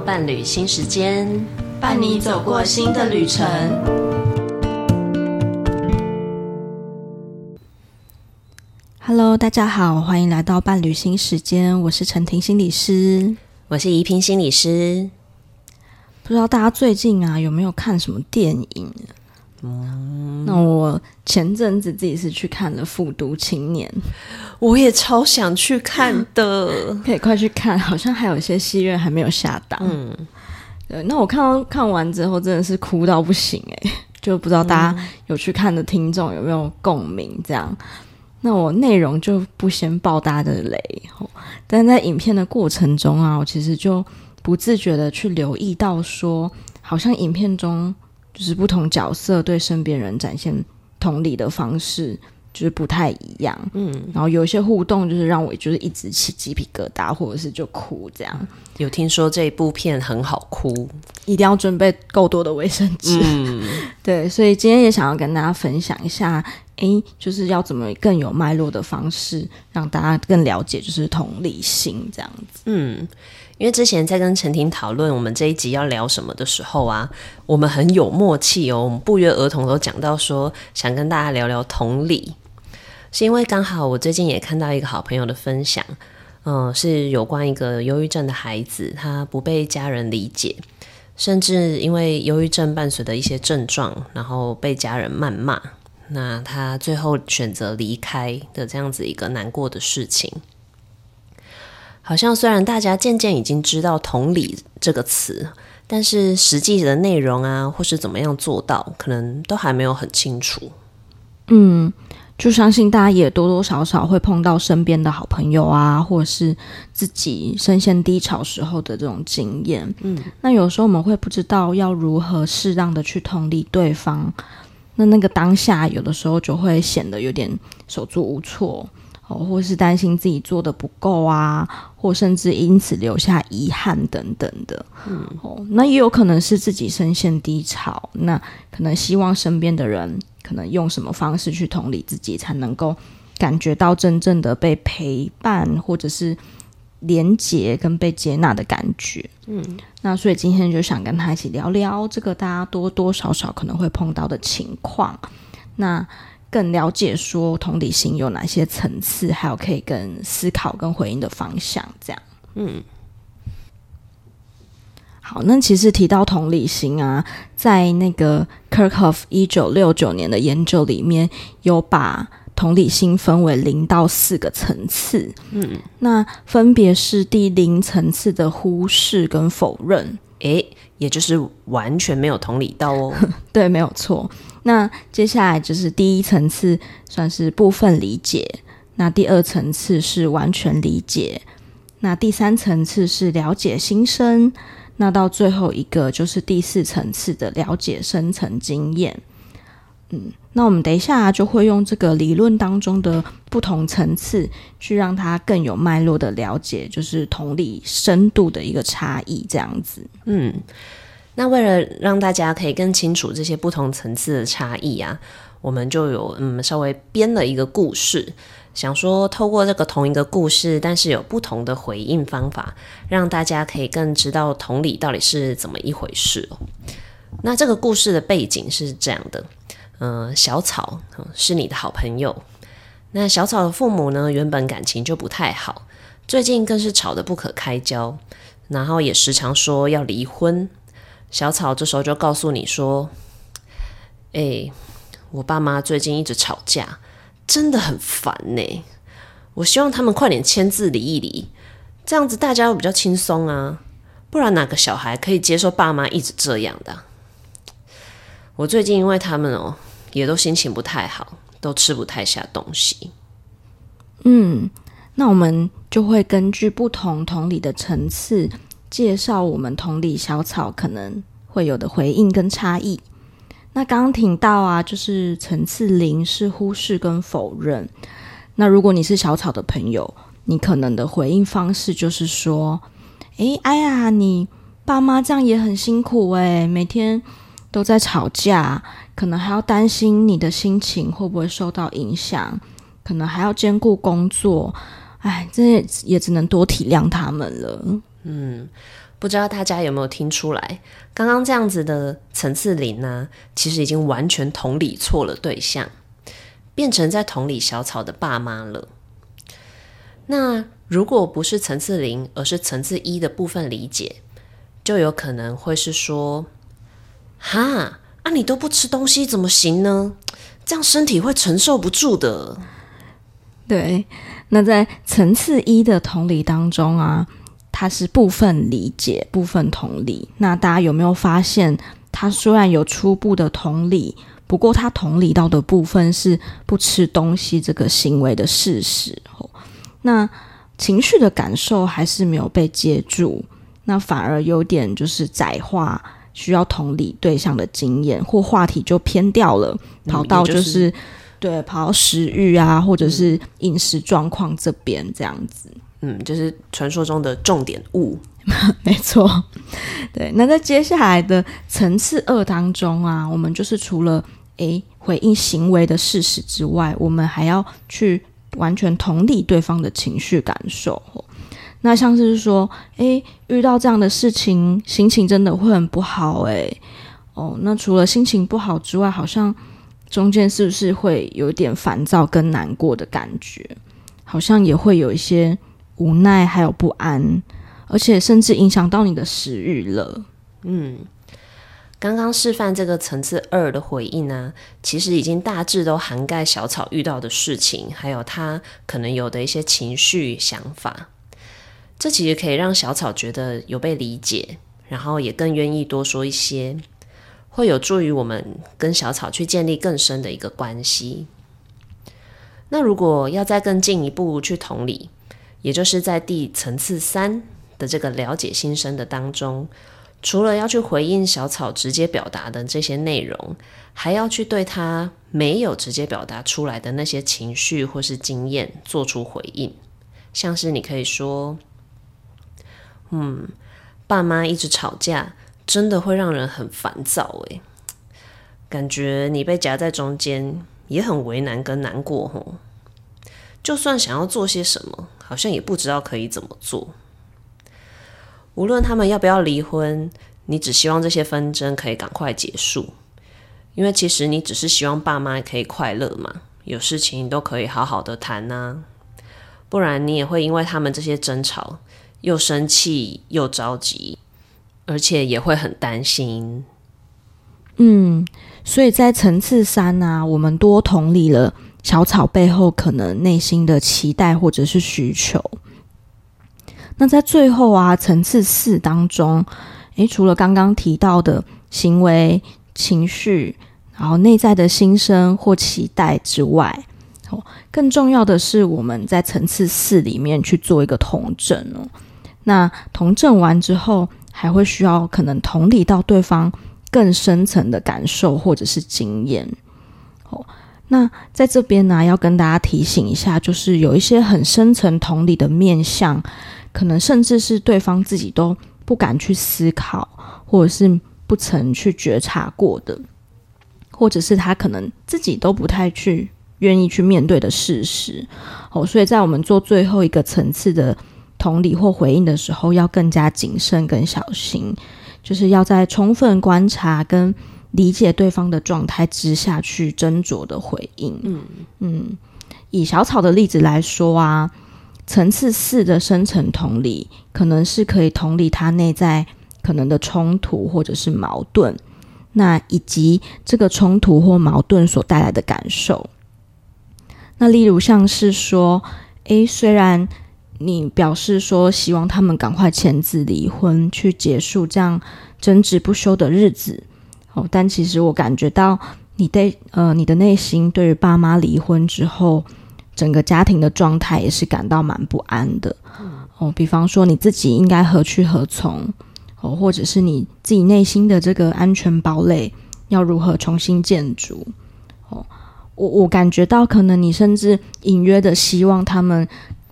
伴侶新時間，伴你走過新的旅程。Hello，大家好，歡迎來到伴侶新時間，我是陳庭心理師，我是怡蘋心理師。不知道大家最近啊有沒有看什麼電影啊？嗯、那我前陣子自己是去看了《復讀青年》，我也超想去看的。嗯，可以快去看，好像還有一些戲院還沒有下檔。嗯，對，那我看到看完之後真的是哭到不行，欸，哎，就不知道大家有去看的聽眾有沒有共鳴？這樣，嗯、那我內容就不先爆大家的雷，但在影片的過程中啊，我其實就不自覺的去留意到說，好像影片中。就是不同角色對身邊人展現同理的方式，就是不太一樣。嗯，然後有些互動就是讓我就是一直起雞皮疙瘩，或者是就哭這樣。有聽說這一部片很好哭，一定要準備夠多的衛生紙。嗯、 對，所以今天也想要跟大家分享一下，誒、欸，就是要怎麼更有脈絡的方式，讓大家更了解就是同理心這樣子。嗯。因為之前在跟陳庭討論我們這一集要聊什麼的時候啊，我們很有默契哦，我們不約而同都講到說想跟大家聊聊同理，是因為剛好我最近也看到一個好朋友的分享，嗯、呃，是有關一個憂鬱症的孩子，他不被家人理解，甚至因為憂鬱症伴隨的一些症狀，然後被家人謾罵，那他最後選擇離開的這樣子一個難過的事情。好像雖然大家漸漸已經知道同理這個詞，但是實際的內容啊，或是怎麼樣做到，可能都還沒有很清楚。嗯，就相信大家也多多少少會碰到身邊的好朋友啊，或者是自己深陷低潮時候的這種經驗。嗯，那有時候我們會不知道要如何適當的去同理對方，那那個當下有的時候就會顯得有點手足無措。或是擔心自己做得不夠啊，或甚至因此留下遺憾等等的，嗯，哦，那也有可能是自己深陷低潮，那可能希望身邊的人可能用什麼方式去同理自己，才能夠感覺到真正的被陪伴，或者是連接跟被接納的感覺，嗯，那所以今天就想跟他一起聊聊這個大家多多少少可能會碰到的情況，那。更了解說同理心有哪些層次，還有可以跟思考跟回應的方向，這樣。嗯，好，那其實提到同理心啊，在那個 Kirkhoff 一九六九年的研究裡面有把同理心分為零到四個層次。嗯，那分別是第零層次的忽視跟否認。誒、欸。也就是完全沒有同理到哦， 對，沒有錯。那接下來就是第一層次，算是部分理解；那第二層次是完全理解；那第三層次是了解心聲；那到最後一個就是第四層次的了解深層經驗。嗯。那我們等一下就會用這個理論當中的不同層次，去讓它更有脈絡的了解，就是同理深度的一個差異，這樣子。嗯，那為了讓大家可以更清楚這些不同層次的差異啊，我們就有嗯稍微編了一個故事，想說透過這個同一個故事，但是有不同的回應方法，讓大家可以更知道同理到底是怎麼一回事哦。那這個故事的背景是這樣的。嗯，小草是你的好朋友。那小草的父母呢，原本感情就不太好，最近更是吵得不可開交，然後也時常說要離婚。小草這時候就告訴你說：“哎，我爸媽最近一直吵架，真的很煩呢。我希望他們快點簽字離一離，這樣子大家會比較輕鬆啊。不然哪個小孩可以接受爸媽一直這樣的？我最近因為他們哦。”也都心情不太好，都吃不太下東西。嗯，那我們就會根據不同同理的層次，介紹我們同理小草可能會有的回應跟差異。那剛剛聽到啊，就是層次零是忽視跟否認。那如果你是小草的朋友，你可能的回應方式就是說：“欸，哎呀，你爸媽這樣也很辛苦欸，每天。”都在吵架，可能還要擔心你的心情會不會受到影響，可能還要兼顧工作，唉，這也只能多體諒他們了。嗯，不知道大家有沒有聽出來，剛剛這樣子的層次零呢，啊，其實已經完全同理錯了對象，變成在同理小草的爸媽了。那如果不是層次零，而是層次一的部分理解，就有可能會是說。哈，那、啊、你都不吃東西怎麼行呢？這樣身體會承受不住的。對，那在層次一的同理當中啊，它是部分理解、部分同理。那大家有沒有發現，他雖然有初步的同理，不過他同理到的部分是不吃東西這個行為的事實。那情緒的感受還是沒有被接住，那反而有點就是窄化。需要同理對象的經驗或話題就偏掉了，嗯、跑到就是、就是、對，跑到食欲啊，嗯、或者是飲食狀況這邊這樣子，嗯，就是傳說中的重點物。 沒錯。對，那在接下來的層次二當中啊，我們就是除了誒回應行為的事實之外，我們還要去完全同理對方的情緒感受。那像是說，哎、欸，遇到這樣的事情，心情真的會很不好。欸，哎，哦，那除了心情不好之外，好像中間是不是會有一點煩躁跟難過的感覺？好像也會有一些無奈，還有不安，而且甚至影響到你的食欲了。嗯，剛剛示範這個層次二的回應呢、啊，其實已經大致都涵蓋小草遇到的事情，還有他可能有的一些情緒想法。這其實可以讓小草覺得有被理解，然後也更願意多說一些，會有助於我們跟小草去建立更深的一個關係。那如果要再更進一步去同理，也就是在第層次三的這個了解心聲的當中，除了要去回應小草直接表達的這些內容，還要去對他沒有直接表達出來的那些情緒或是經驗做出回應，像是你可以說。嗯，爸媽一直吵架，真的會讓人很煩躁誒，感覺你被夾在中間，也很為難跟難過。就算想要做些什麼，好像也不知道可以怎麼做。無論他們要不要離婚，你只希望這些紛爭可以趕快結束。因為其實你只是希望爸媽可以快樂嘛，有事情都可以好好的談啊，不然你也會因為他們這些爭吵。又生氣又着急，而且也會很擔心。嗯，所以在層次三呢、啊，我們多同理了小草背後可能內心的期待或者是需求。那在最後啊，層次四當中，誒，除了剛剛提到的行為、情緒，然後內在的心聲或期待之外，更重要的是，我們在層次四裡面去做一個統整哦。那同證完之後，還會需要可能同理到對方更深層的感受或者是經驗哦。那在這邊呢，要跟大家提醒一下，就是有一些很深層同理的面向，可能甚至是對方自己都不敢去思考，或者是不曾去覺察過的，或者是他可能自己都不太去願意去面對的事實哦。所以在我們做最後一個層次的。同理或回應的時候，要更加謹慎跟小心，就是要在充分觀察跟理解對方的狀態之下去斟酌的回應。嗯嗯，以小草的例子來說啊，層次四的深層同理，可能是可以同理他內在可能的衝突或者是矛盾，那以及這個衝突或矛盾所帶來的感受。那例如像是說，誒，雖然。你表示說希望他們趕快簽字離婚，去結束這樣爭執不休的日子。哦，但其實我感覺到你對呃你的內心對於爸媽離婚之後整個家庭的狀態也是感到蠻不安的。哦，比方說你自己應該何去何從，哦，或者是你自己內心的這個安全堡壘要如何重新建築？哦，我我感覺到可能你甚至隱約的希望他們。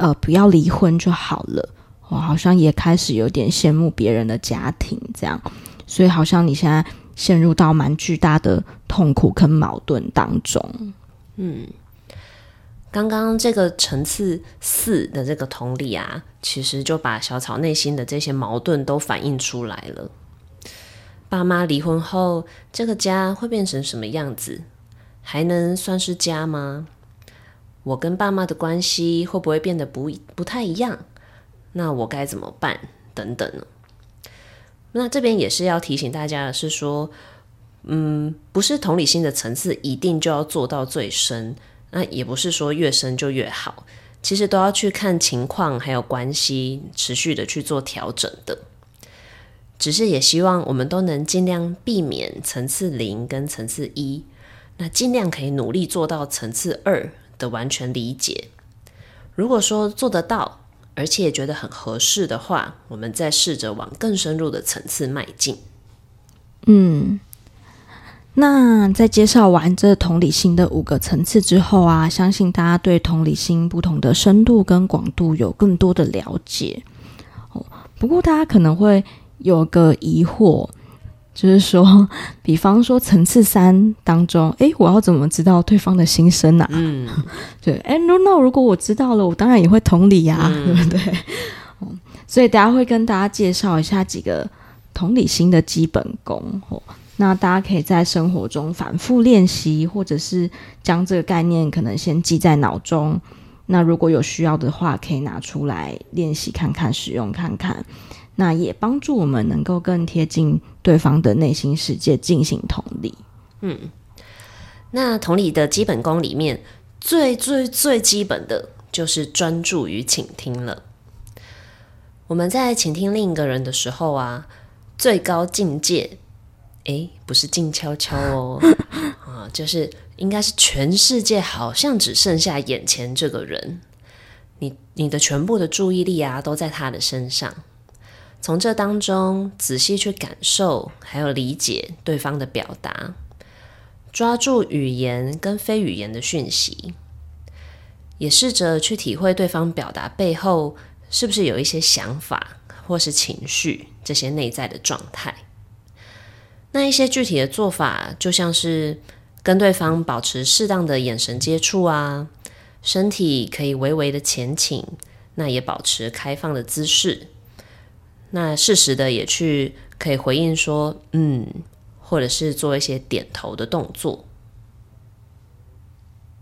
呃，不要離婚就好了。我好像也開始有點羨慕別人的家庭，這樣，所以好像你現在陷入到蠻巨大的痛苦跟矛盾當中。嗯，剛剛這個層次四的這個同理啊，其實就把小草內心的這些矛盾都反映出來了。爸媽離婚後，這個家會變成什麼樣子？還能算是家嗎？我跟爸媽的關係會不會變得不不太一樣？那我該怎麼辦？等等。那這邊也是要提醒大家的是說，嗯，不是同理心的層次一定就要做到最深，那也不是說越深就越好，其實都要去看情況，還有關係，持續的去做調整的。只是也希望我們都能盡量避免層次零跟層次一，那盡量可以努力做到層次二。的完全理解，如果說做得到，而且覺得很合適的話，我們再試着往更深入的層次邁進。嗯，那在介紹完這同理心的五個層次之後啊，相信大家對同理心不同的深度跟廣度有更多的了解。不過大家可能會有個疑惑。就是說，比方說層次三當中，哎，我要怎麼知道對方的心聲啊？嗯， 對，哎，no，如果我知道了，我當然也會同理呀，啊，嗯，對不對？所以大家會跟大家介紹一下幾個同理心的基本功，哦，那大家可以在生活中反覆練習，或者是將這個概念可能先記在腦中。那如果有需要的話，可以拿出來練習看看，使用看看，那也幫助我們能夠更貼近。對方的內心世界進行同理，嗯，那同理的基本功裡面最最最基本的，就是專注於傾聽了。我們在傾聽另一個人的時候啊，最高境界，哎、欸，不是靜悄悄哦， 啊，就是應該是全世界好像只剩下眼前這個人，你你的全部的注意力啊，都在他的身上。從這當中仔細去感受，還有理解對方的表達，抓住語言跟非語言的訊息，也試着去體會對方表達背後是不是有一些想法或是情緒這些內在的狀態。那一些具體的做法，就像是跟對方保持適當的眼神接觸啊，身體可以微微的前傾，那也保持開放的姿勢。那適時的也去可以回應說嗯，或者是做一些點頭的動作，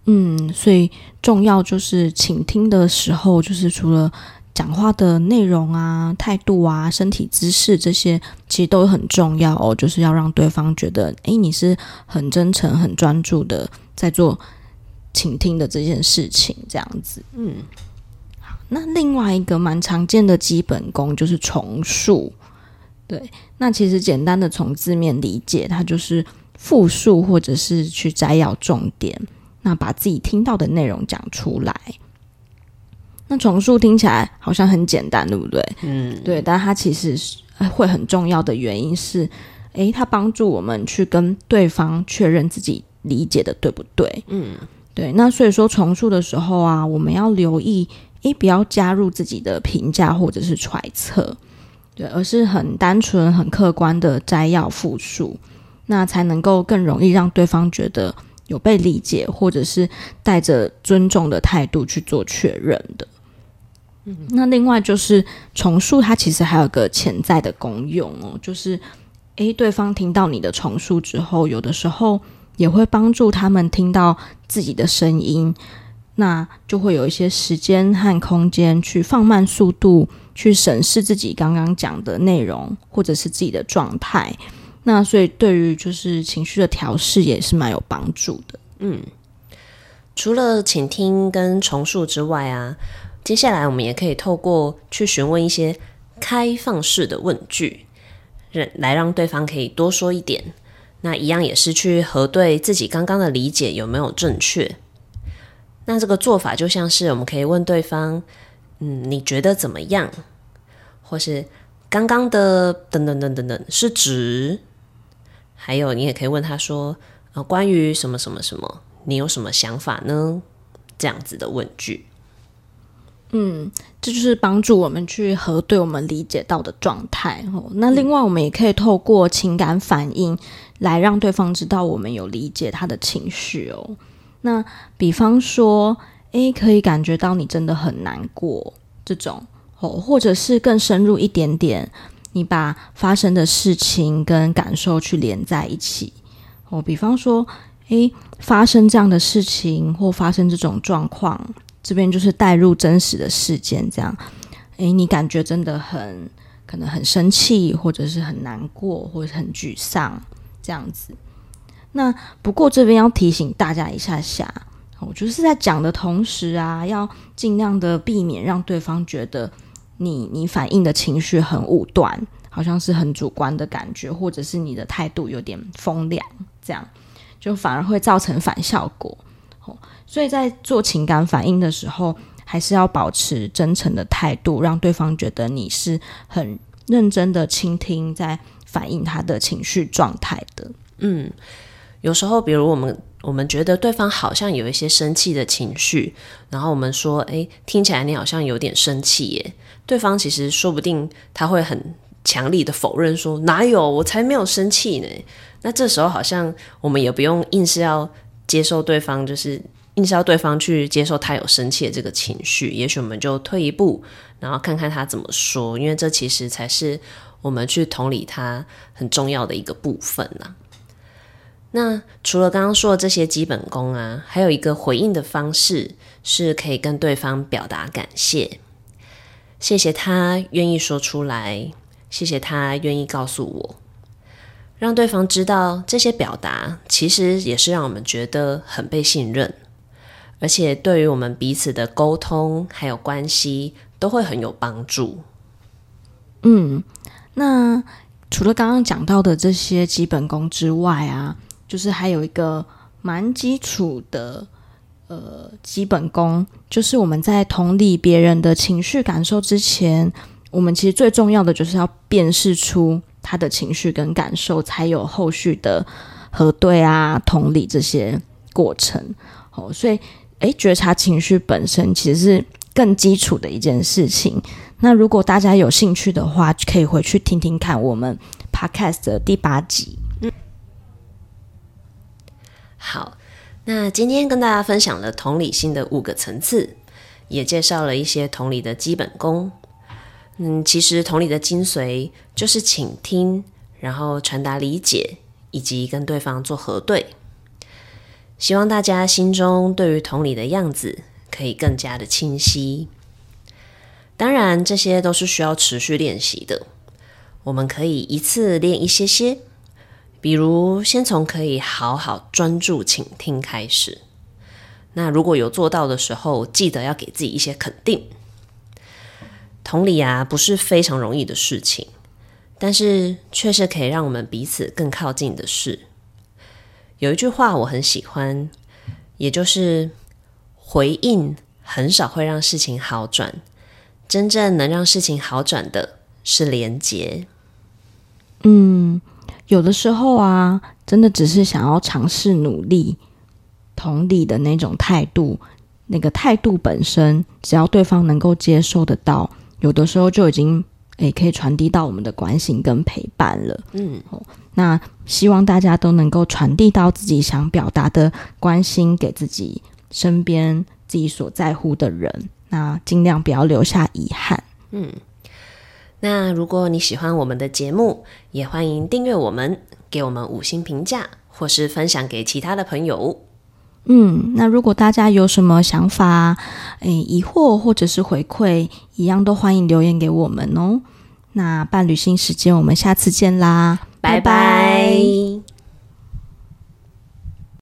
嗯，所以重要就是傾聽的時候，就是除了講話的內容啊、態度啊、身體姿勢這些，其實都很重要哦，就是要讓對方覺得哎你是很真誠、很專注的在做傾聽的這件事情，這樣子，嗯。那另外一個蠻常見的基本功就是重述，對，那其實簡單的從字面理解，它就是複述或者是去摘要重點，那把自己聽到的內容講出來。那重述聽起來好像很簡單，對不對？嗯，對。但它其實是會很重要的原因是，是誒，它幫助我們去跟對方確認自己理解的對不對？嗯，對。那所以說重述的時候啊，我們要留意。誒，不要加入自己的評價或者是揣測，對，而是很單純、很客觀的摘要複述，那才能夠更容易讓對方覺得有被理解，或者是帶着尊重的態度去做確認的。嗯，那另外就是重述，它其實還有個潛在的功用哦，就是，誒，對方聽到你的重述之後，有的時候也會幫助他們聽到自己的聲音。那就會有一些時間和空間去放慢速度，去審視自己剛剛講的內容，或者是自己的狀態。那所以，對於就是情緒的調適也是蠻有幫助的。嗯，除了傾聽跟重述之外啊，接下來我們也可以透過去詢問一些開放式的問句，來讓對方可以多說一點。那一樣也是去核對自己剛剛的理解有沒有正確。那這個做法就像是我們可以問對方，嗯，你覺得怎麼樣？或是剛剛的等等等等等是指？還有你也可以問他說，呃，關於什麼什麼什麼，你有什麼想法呢？這樣子的問句，嗯，這就是幫助我們去核對我們理解到的狀態哦。那另外，我們也可以透過情感反應來讓對方知道我們有理解他的情緒哦。那比方說，誒，可以感覺到你真的很難過這種哦，或者是更深入一點點，你把發生的事情跟感受去連在一起哦。比方說，誒，發生這樣的事情或發生這種狀況，這邊就是帶入真實的事件，這樣，誒，你感覺真的很可能很生氣，或者是很難過，或者很沮喪，這樣子。那不過這邊要提醒大家一下下，我、哦、就是在講的同時啊，要盡量的避免讓對方覺得你你反應的情緒很武斷，好像是很主觀的感覺，或者是你的態度有點風涼，這樣就反而會造成反效果。哦，所以在做情感反應的時候，還是要保持真誠的態度，讓對方覺得你是很認真的傾聽，在反映他的情緒狀態的。嗯。有時候，比如我們我們覺得對方好像有一些生氣的情緒，然後我們說：“哎，聽起來你好像有點生氣耶。”對方其實說不定他會很強力的否認說：“哪有，我才沒有生氣呢。”那這時候好像我們也不用硬是要接受對方，就是硬是要對方去接受他有生氣的這個情緒。也許我們就退一步，然後看看他怎麼說，因為這其實才是我們去同理他很重要的一個部分呢啊。那除了剛剛說的這些基本功啊，還有一個回應的方式是可以跟對方表達感謝，謝謝他願意說出來，謝謝他願意告訴我，讓對方知道這些表達其實也是讓我們覺得很被信任，而且對於我們彼此的溝通還有關係都會很有幫助。嗯，那除了剛剛講到的這些基本功之外啊。就是還有一個蠻基礎的呃基本功，就是我們在同理別人的情緒感受之前，我們其實最重要的就是要辨識出他的情緒跟感受，才有後續的核對啊、同理這些過程。哦。所以誒，覺察情緒本身其實是更基礎的一件事情。那如果大家有興趣的話，可以回去聽聽看我們 Podcast 的第八集。好，那今天跟大家分享了同理心的五個層次，也介紹了一些同理的基本功。嗯，其實同理的精髓就是傾聽，然後傳達理解，以及跟對方做核對。希望大家心中對於同理的樣子可以更加的清晰。當然，這些都是需要持續練習的。我們可以一次練一些些。比如，先從可以好好專注傾聽開始。那如果有做到的時候，記得要給自己一些肯定。同理啊，不是非常容易的事情，但是卻是可以讓我們彼此更靠近的事。有一句話我很喜歡，也就是回應很少會讓事情好轉，真正能讓事情好轉的是連接。嗯。有的時候啊，真的只是想要嘗試努力、同理的那種態度，那個態度本身，只要對方能夠接受得到，有的時候就已經誒、欸、可以傳遞到我們的關心跟陪伴了。嗯、哦，那希望大家都能夠傳遞到自己想表達的關心給自己身邊自己所在乎的人，那盡量不要留下遺憾。嗯。那如果你喜歡我們的節目，也歡迎訂閱我們，給我們五星評價，或是分享給其他的朋友。嗯，那如果大家有什麼想法、哎、欸、疑惑或者是回饋，一樣都歡迎留言給我們哦。那伴侶心時間，我們下次見啦，拜拜 bye。Bye bye